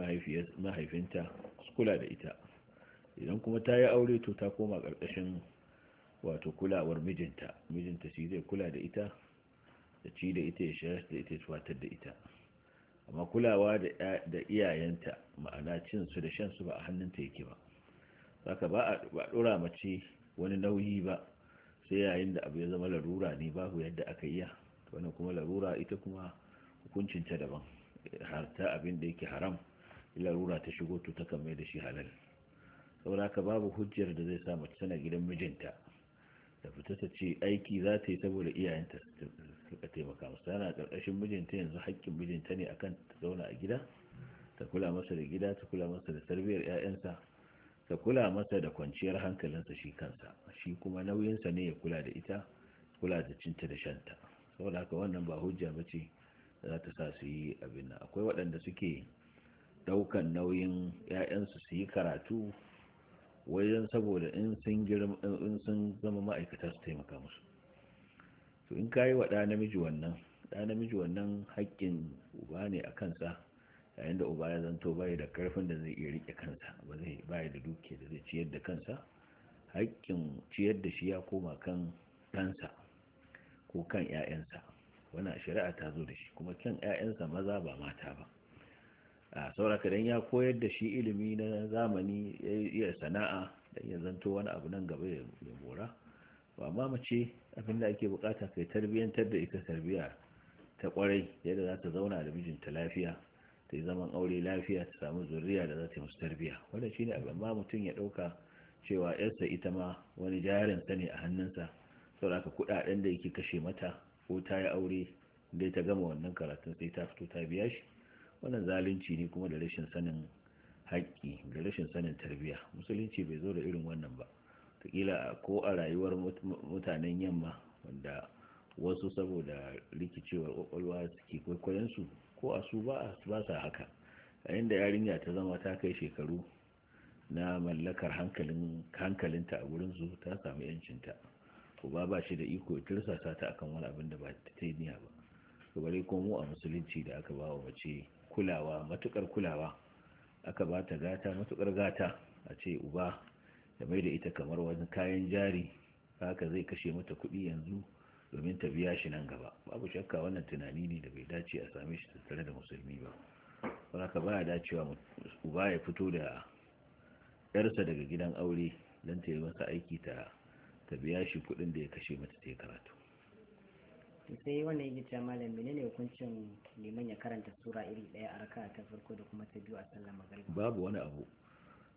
mahaifinta su kula da ita idan kuma ta yi aure to ta koma ƙarƙashin wato kulawar mijinta mijinta shi zai kula da ita da ci da ita ya shayar da ita ya da ita amma kulawa da iyayenta ma'ana cin su da shan su ba a hannunta yake ba ka ba a dora mace wani nauyi ba sai yayin da abu ya zama larura ne babu yadda aka iya wannan kuma larura ita kuma hukuncinta daban har ta abin da yake haram larura ta shigo to ta kan mai da shi halal saboda haka babu hujjar da zai sa mace tana gidan mijinta da fita ta ce aiki za ta yi saboda iyayenta suka taimaka masu tana ƙarƙashin mijinta yanzu haƙƙin mijinta ne akan ta zauna a gida ta kula masa da gida ta kula masa da tarbiyyar 'ya'yansa ta kula masa da kwanciyar hankalinsa shi kansa shi kuma nauyinsa ne ya kula da ita kula da cinta da shanta saboda haka wannan ba hujja ba ce za ta sa su yi abin akwai waɗanda suke ɗaukan nauyin 'ya'yansu su yi karatu wajen saboda in sun girma sun zama ma'aikata su taimaka musu to in kayi wa ɗa namiji wannan ɗa namiji wannan haƙƙin uba ne a kansa yayin da uba ya zanto bayi da karfin da zai iya riƙe kansa ba zai bayi da duke da zai ciyar da kansa haƙƙin ciyar da shi ya koma kan ɗansa ko kan 'ya'yansa wani shari'a ta zo da shi kuma kan 'ya'yansa maza ba mata ba a sauraka dan ya koyar da shi ilimi na zamani ya iya sana'a da ya zanto wani abu nan gaba ya mora ba ma mace abin da ake bukata kai tarbiyyantar da ita tarbiyya ta kwarai yadda za ta zauna da mijinta lafiya ta yi zaman aure lafiya ta samu zuriya da za ta yi musu tarbiyya wanda shine abin ma mutum ya dauka cewa yarsa ita ma wani jarin ne a hannunsa sauraka kudaden da yake kashe mata ko ta yi aure dai ta gama wannan karatun sai ta fito ta biya shi wannan zalunci ne kuma da rashin sanin haƙƙi da rashin sanin tarbiyya musulunci bai zo da irin wannan ba taƙila ko a rayuwar mutanen yamma wanda wasu saboda rikicewar ƙwaƙwalwa suke su ko a su ba sa haka yayin da yarinya ta zama ta kai shekaru na mallakar hankalinta a su ta samu yancinta uba ba shi da iko ya tirsasa ta akan wani abin da ba ta yi niyya ba gabare ko mu a musulunci da aka ba wa mace kulawa matukar kulawa aka ba ta gata matukar gata a ce uba da mai da ita kamar wani kayan jari haka zai kashe mata kuɗi yanzu domin ta biya shi nan gaba babu shakka wannan tunani ne da bai dace a same shi tattare da musulmi ba don haka baya dacewa uba ya fito da yarsa daga gidan aure don ta yi masa aiki ta biya shi kuɗin da ya kashe mata ta karatu sai wannan ya gita malam menene hukuncin liman ya karanta sura iri daya a raka ta farko da kuma ta biyu a sallar magariba babu wani abu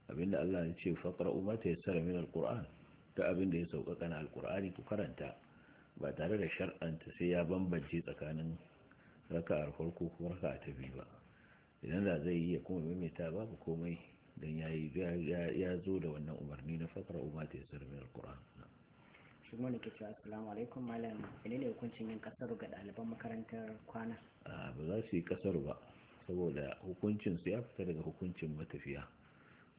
abinda Allah ya ce faqra ma tayassara min alquran ta abinda ya sauka na alqur'ani ku karanta ba tare da shar'anta sai ya bambance tsakanin raka'ar farko ko raka'a ta biyu ba idan da zai yi ya kuma maimaita babu komai dan yayi ya zo da wannan umarni na faqra ma tayassara min alquran shi wani ke cewa assalamu alaikum malam ne hukuncin yin kasaru ga ɗaliban makarantar kwana ba za su yi kasaru ba saboda hukuncin su ya fita daga hukuncin matafiya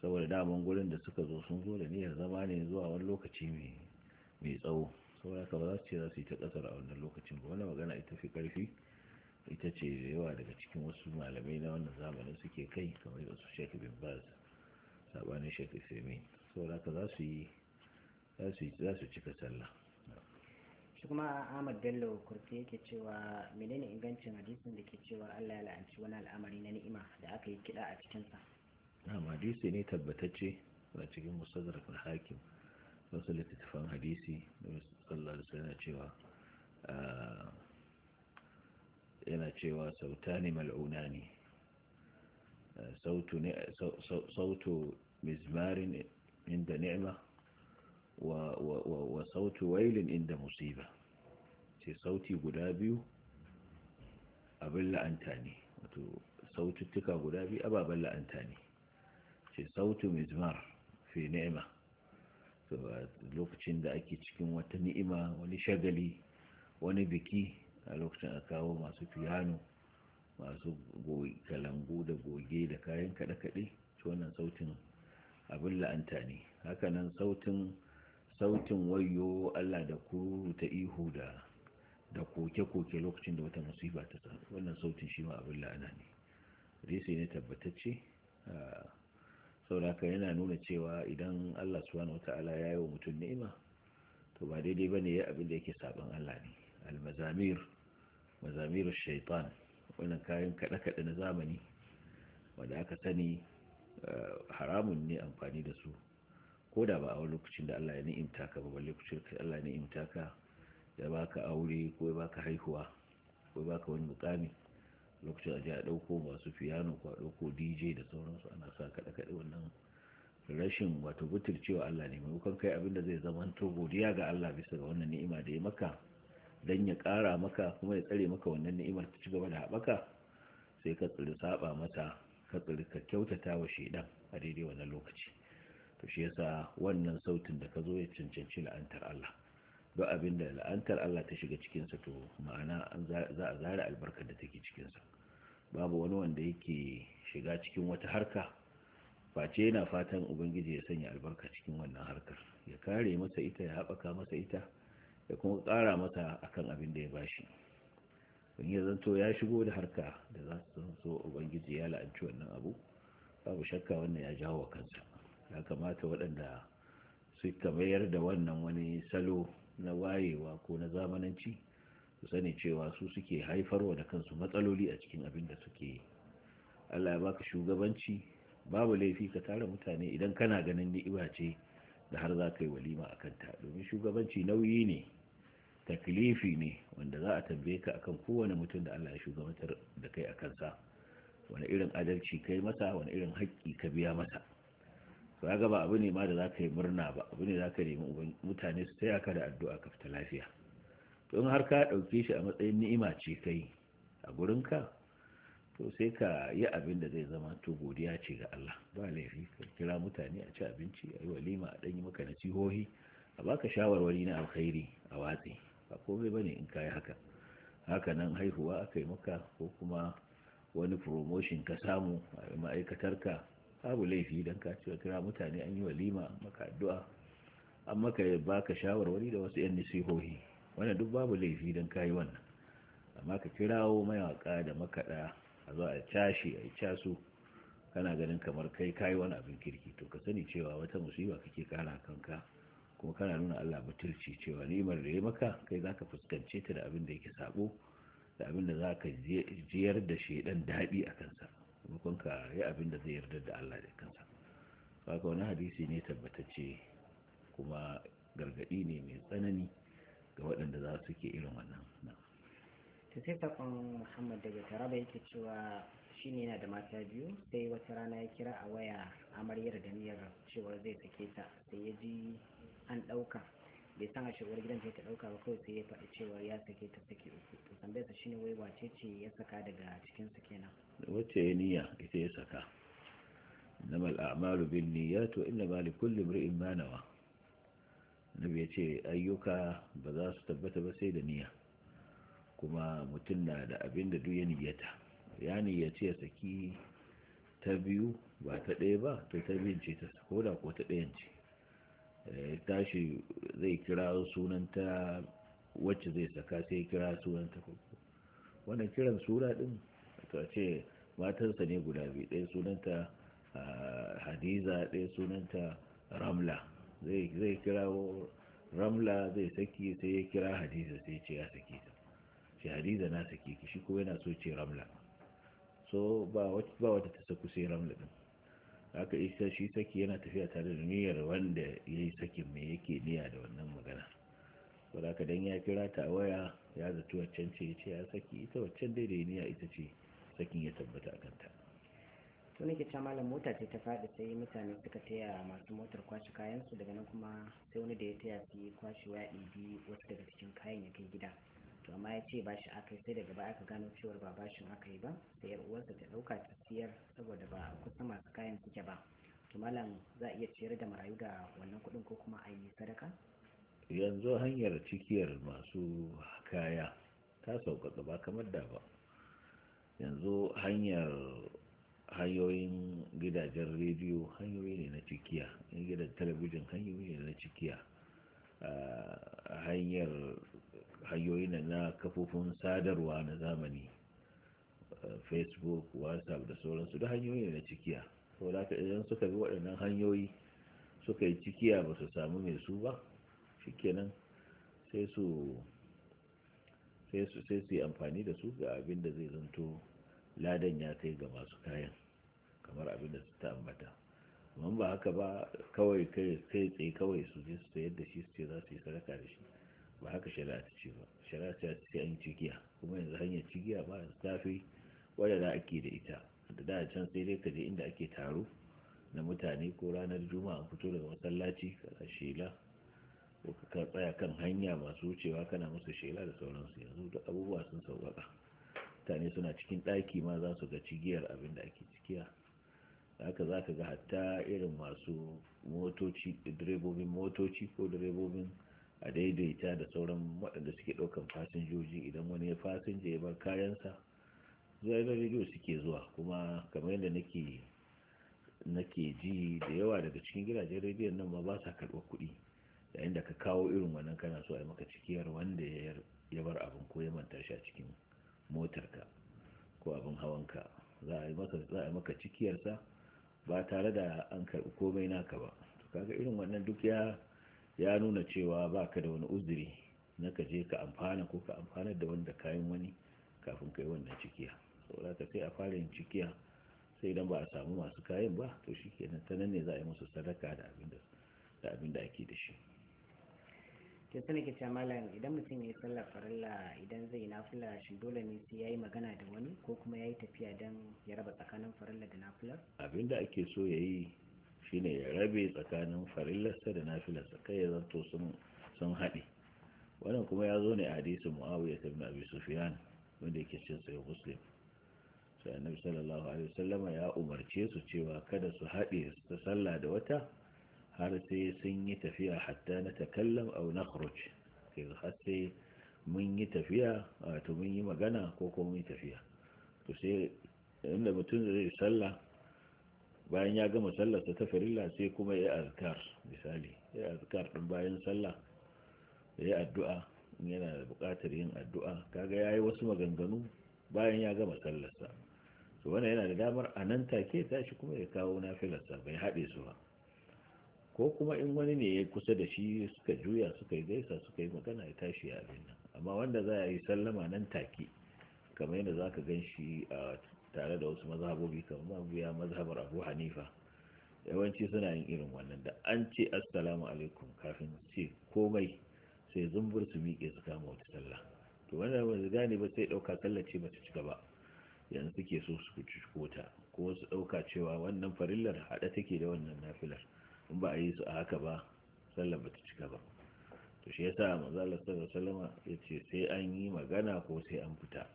saboda daman gurin da suka zo sun zo da niyyar zama ne zuwa wani lokaci mai tsawo saboda ka ba za su ce za su yi ta kasar a wannan lokacin ba wani magana ita fi karfi ita ce da yawa daga cikin wasu malamai na wannan zamanin suke kai kamar da su shekaru bin baz sabanin shekaru sami saboda ka za su yi za su cika sallah shi kuma ahmad bello kurfi yake cewa menene ingancin hadisin da ke cewa allah ya la'anci wani al'amari na ni'ima da aka yi kiɗa a cikinsa na'am hadisi ne tabbatacce a cikin musadrak hakim wasu littattafan hadisi da sallallahu alaihi yana cewa ah, yana cewa sautani ah, ne sautu mizmarin inda ni'ima wa sautu wailin inda musiba ce sauti guda biyu abin la'anta ne wato saututtuka guda biyu ababen la'anta ne ce sautu mizmar fi ni'ima lokacin da ake cikin wata ni'ima wani shagali wani biki a lokacin a kawo masu fiyano masu kalangu da goge da kayan kaɗe-kaɗe wannan sautin abin la'anta ne hakanan sautin sautin wayo Allah da ku ta ihu da da koke-koke lokacin da wata musiba ta samu wannan sautin shi ma abin la'ana ne sai ne tabbatacce sauraka yana nuna cewa idan Allah subhanahu wata'ala ya yi wa mutum ni'ima to ba daidai bane ya abin da yake saban Allah ne almazamir mazamir shaitan wannan kayan kaɗe-kaɗe na zamani wanda aka sani haramun ne amfani da su ko da ba a wani lokacin da Allah ya ni'imta ka ba balle lokacin da Allah ya ni'imta ka ya baka aure ko ya baka haihuwa ko ya baka wani mukami lokacin aje a dauko masu fiyano ko a dauko DJ da sauransu ana sa kada kada wannan rashin wato butulcewa Allah ne maimakon kai abinda zai zama to godiya ga Allah bisa ga wannan ni'ima da ya maka dan ya kara maka kuma ya tsare maka wannan ni'imar ta ci gaba da haɓaka sai ka tsiri saba mata ka tsiri ka kyautata wa shedan a daidai wannan lokaci to shi yasa wannan sautin da ka zo ya cancanci la'antar Allah duk abin da la'antar Allah ta shiga cikinsa to ma'ana za a zara albarkar da take cikinsa babu wani wanda yake shiga cikin wata harka face yana fatan ubangiji ya sanya albarka cikin wannan harkar ya kare masa ita ya haɓaka masa ita ya kuma ƙara masa akan abin da ya bashi in ya zanto ya shigo da harka da za su so ubangiji ya la'anci wannan abu babu shakka wannan ya jawo wa kansa ya kamata waɗanda suka mayar da wannan wani salo na wayewa ko na zamananci su sani cewa su suke haifarwa da kansu matsaloli a cikin abin da suke yi allah ya baka shugabanci babu laifi ka tara mutane idan kana ganin ni'ibace ce da har za ka yi walima a kanta domin shugabanci nauyi ne taklifi ne wanda za a tambaye ka akan kowane mutum da allah ya shugabantar da kai a kansa wani irin adalci kai masa wani irin haƙƙi ka biya masa to ba abu ne ma da za ka yi murna ba abu ne za ka nemi mutane su taya ka da addu'a ka fita lafiya don har ka ɗauke shi a matsayin ni'ima ce kai a gurinka to sai ka yi abin da zai zama to godiya ce ga Allah ba laifi ka kira mutane a ci abinci a yi walima a ɗanyi maka na cihohi a baka shawarwari na alkhairi a watsi ba komai bane in ka haka haka nan haihuwa aka yi maka ko kuma wani promotion ka samu a ka. babu laifi don ka ce kira mutane an yi walima maka addu'a an maka ka shawarwari da wasu yan nisihohi wannan duk babu laifi don ka yi wannan amma ka kirawo mayawaka da makaɗa a zo a cashe a casu kana ganin kamar kai ka yi wani abin kirki to ka sani cewa wata musiba kake kara kanka kuma kana nuna Allah mutulci cewa ni'imar da ya maka kai za ka fuskance ta da abin da yake sabo da abin da za ka jiyar da shaidan daɗi a kansa maimakon ka yi abin da zai yarda da Allah da kansa haka wani hadisi ne tabbatacce kuma gargadi ne mai tsanani ga waɗanda za su ke irin wannan ta sai sakon muhammad daga taraba yake cewa shi ne yana da mata biyu sai wata rana ya kira a waya amaryar da niyyar cewa zai sake ta sai ya ji an ɗauka bai san a shawar gidan ta dauka ba kawai sai ya faɗi cewa ya sake ta sake uku to tambayar sa shine wai wace ce ya saka daga cikin su kenan wace niyya ita ya saka Namal al'amalu bin niyyat to inna li kulli imrin ma nawa nabi ya ce ayyuka ba za su tabbata ba sai da niyya kuma mutum na da abin da duk ya niyyata ya niyyace saki ta biyu ba ta ɗaya ba to ta biyun ce ta ko da ko ta ɗayan ce Eh, tashi zai kira sunanta wacce zai saka sai kira sunanta farko wannan kiran sura din to ce matansa ne guda biyu ɗaya sunanta ah, hadiza ɗaya sunanta ramla zai kira ramla zai saki sai ya kira hadiza sai ce ya saki ta shi hadiza na saki shi ko yana so ce ramla so ba wata ta saku sai ramla din haka isa shi saki yana tafiya tare da niyyar wanda ya yi sakin mai yake niyya da wannan magana wadda aka dan ya kira ta waya ya zato waccan ce ya ce ya saki ita waccan daidai niyya ita ce sakin ya tabbata a kanta to nake ta malam mota ce ta faɗi sai mutane suka taya masu motar kwashe kayansu daga nan kuma sai wani da ya taya su kwashe waya biyu wasu daga cikin kayan ya kai gida to amma ya ce bashi aka yi sai daga baya aka gano cewar ba bashin aka yi ba da yar uwarsa ta ɗauka ta siyar saboda ba kusa masu kayan suke ba to malam za a iya ciyar da marayu da wannan kuɗin ko kuma a yi sadaka yanzu hanyar cikiyar masu kaya ta sauƙaƙa ba kamar da ba yanzu hanyar hanyoyin gidajen rediyo hanyoyi ne na cikiya gidan talabijin hanyoyi ne na cikiya hanyar hanyoyi na kafofin sadarwa na zamani facebook whatsapp da sauransu da hanyoyi na cikiya to da idan suka bi waɗannan hanyoyi suka yi cikiya ba su samu mai su ba shikenan sai su su sai su yi amfani da su ga abin da zai zanto ladan ya kai ga masu kayan kamar abin da su ta ambata wani ba haka ba kawai kai tsaye kawai su je su sayar da shi su ce za su yi sadaka da shi ba haka shari'a ta ce ba shari'a ta ce an cigiya kuma yanzu hanyar cigiya ba a tafi wadda za ake da ita da da can sai dai ka je inda ake taro na mutane ko ranar juma'a fito daga masallaci kana shela ko ka tsaya kan hanya masu wucewa kana musu shela da sauransu yanzu duk abubuwa sun sauƙaƙa mutane suna cikin ɗaki ma za su ga cigiyar abin da ake cikiya haka za ka ga hatta irin masu motoci direbobin motoci ko direbobin a daidaita da sauran waɗanda suke ɗaukan fasinjoji idan wani ya fasinja ya bar kayansa zai rediyo suke zuwa kuma kamar yadda nake nake ji da yawa daga cikin gidajen rediyon nan ma ba sa karɓar kuɗi yayin da ka kawo irin wannan kana so a maka cikiyar wanda ya bar abin ko ya manta shi a cikin motarka ko abin hawanka za a yi maka cikiyarsa ba tare da an karbi komai naka ba kaga irin wannan duk ya ya nuna cewa ba ka da wani uzuri na ka je ka amfana ko ka amfanar da wanda kayan wani kafin kai wannan cikiya za ka sai a fara yin cikiya sai idan ba a samu masu kayan ba to shi kenan ta nan ne za a yi musu sadaka da abin da ake da shi ke sani ke ce malam idan mutum ya yi sallar farilla idan zai nafila shi dole ne sai ya yi magana da wani ko kuma ya yi tafiya don ya raba tsakanin farilla da nafilar abin da ake so ya yi shine ya rabe tsakanin farillarsa da nafilarsa kai ya zanto sun haɗe wannan kuma ya zo ne a hadisin muawiya ibn abi sufyan wanda yake cin sai muslim sai annabi sallallahu alaihi wasallama ya umarce su cewa kada su haɗe su sallah da wata har sai sun yi tafiya hatta na takallam au na khuruj har sai mun yi tafiya wato mun yi magana ko kuma mun yi tafiya to sai inda mutum zai sallah bayan ya gama sallarsa ta farilla sai kuma ya azkar misali ya azkar din bayan sallah ya yi addu'a yana da buƙatar yin addu'a kaga yayi wasu maganganu bayan ya gama sallarsa to wannan yana da damar a nan take tashi kuma ya kawo na nafilarsa bai haɗe su ba ko kuma in wani ne ya kusa da shi suka juya suka yi gaisa suka yi magana ya tashi ya abin nan amma wanda za a yi sallama nan take kamar yadda za ka gan shi a tare da wasu mazhabobi kamar mabiya mazhabar abu hanifa yawanci suna yin irin wannan da an ce assalamu alaikum kafin ce komai sai zumbur su miƙe su kama wata sallah to wanda ba su gane ba sai ɗauka sallah ce su cika ba yanzu suke so su ci kota ko su ɗauka cewa wannan farillar haɗa take da wannan nafilar in ba a yi su a haka ba sallar ba ta cika ba to shi yasa manzo sallar salama ya ce sai an yi magana ko sai an fita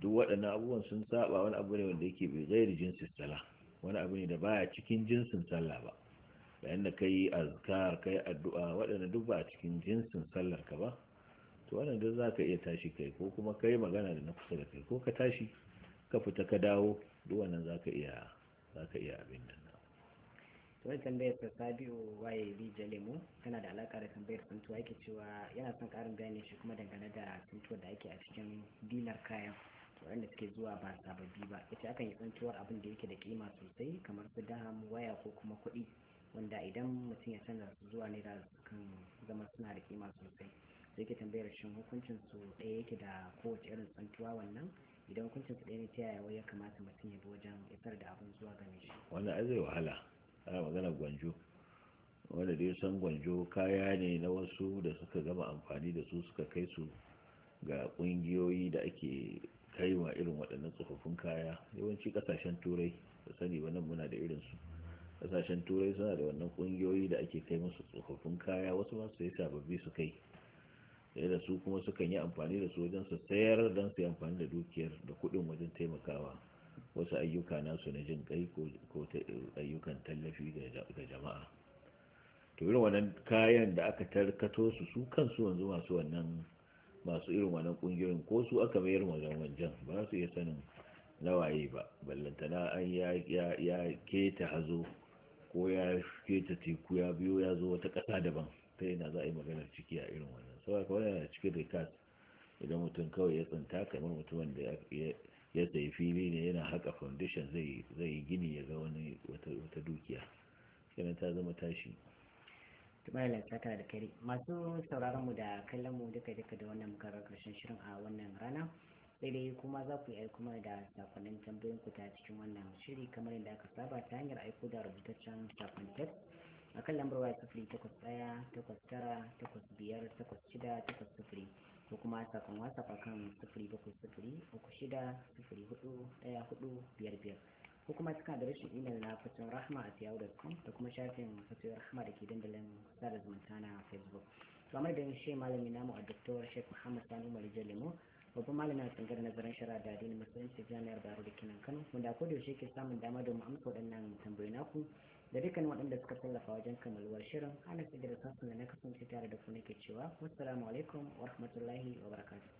duk waɗannan abubuwan sun saba wani abu ne wanda yake bai gairi jinsin sallah wani abu ne da baya cikin jinsin sallah ba bayan da kai azkar kai addu'a waɗanda duk ba a cikin jinsin sallar ka ba to wannan duk za ka iya tashi kai ko kuma kai magana da na kusa da kai ko ka tashi ka fita ka dawo duk wannan za ka iya za ka iya abin nan wani tambayar ta sabi'u waye bi lemu tana da alaka da tambayar tuntuwa yake cewa yana son karin bayanin shi kuma dangane da tuntuwar da ake a cikin dinar kayan waɗanda suke zuwa ba sababbi ba ita akan yi tsuntuwar abin da yake da kima sosai kamar su daham waya ko kuma kuɗi wanda idan mutum ya canza su zuwa naira kan zama suna da kima sosai sai ke tambayar shin hukuncin su ɗaya yake da kowace irin tsintuwa wannan idan hukuncin su ɗaya ne ta yaya ya kamata mutum ya bi wajen isar da abin zuwa ga shi wannan zai wahala ana magana gwanjo wanda da san gwanjo kaya ne na wasu da suka gama amfani da su suka kai su ga kungiyoyi da ake kaiwa irin waɗannan tsofaffin kaya yawanci ƙasashen turai da sani ba nan muna da irin su ƙasashen turai suna da wannan kungiyoyi da ake kai musu tsofaffin kaya wasu ma su yi sababbi su kai da da su kuma sukan yi amfani da su wajen su sayar don su yi amfani da dukiyar da kuɗin wajen taimakawa wasu ayyuka nasu na jin kai ko ayyukan tallafi ga jama'a to irin wannan kayan da aka tarkato su su kansu wanzu masu wannan masu irin wannan kungiyoyin ko su aka mayar wajen wajen ba su iya sanin nawaye ba ballantana an ya keta hazo ko ya keta teku ya biyo ya zo wata ƙasa daban ta yana za a yi maganar ciki a irin wannan sau kawai yana cikin rikas idan mutum kawai ya tsinta kamar mutumin da ya sayi fili ne yana haka foundation zai gini ya ga wani wata dukiya kenan ta zama tashi malam da kare masu sauraron mu da kallon mu duka duka da wannan mukarar karshen shirin a wannan rana sai kuma za ku yi kuma da sakonnin tambayoyin ku ta cikin wannan shiri kamar yadda aka saba ta hanyar aiko da rubutaccen sakon tek a kan lambar waya sufuri takwas ɗaya takwas tara takwas biyar takwas shida takwas sufuri ko kuma sakan whatsapp akan sifiri bakwai sifiri uku shida sifiri hudu ɗaya huɗu biyar biyar ko kuma cikin adireshin imel na fatoyin rahma a tiyawu.com da kuma shafin fatoyin rahama da ke dandalin sada zumunta na facebook to amma da shi malami namu a doktor sheikh muhammad sani umar jalimo babban malamin a tsangar nazarin shara da masu musulunci jami'ar baro da kinan kano wanda ko da yaushe ke samun dama domin amsa waɗannan tambayi naku da dukkan waɗanda suka tallafa wajen kammaluwar shirin ana da da na kasance tare da ku nake cewa wasu alaikum wa rahmatullahi wa barakatuh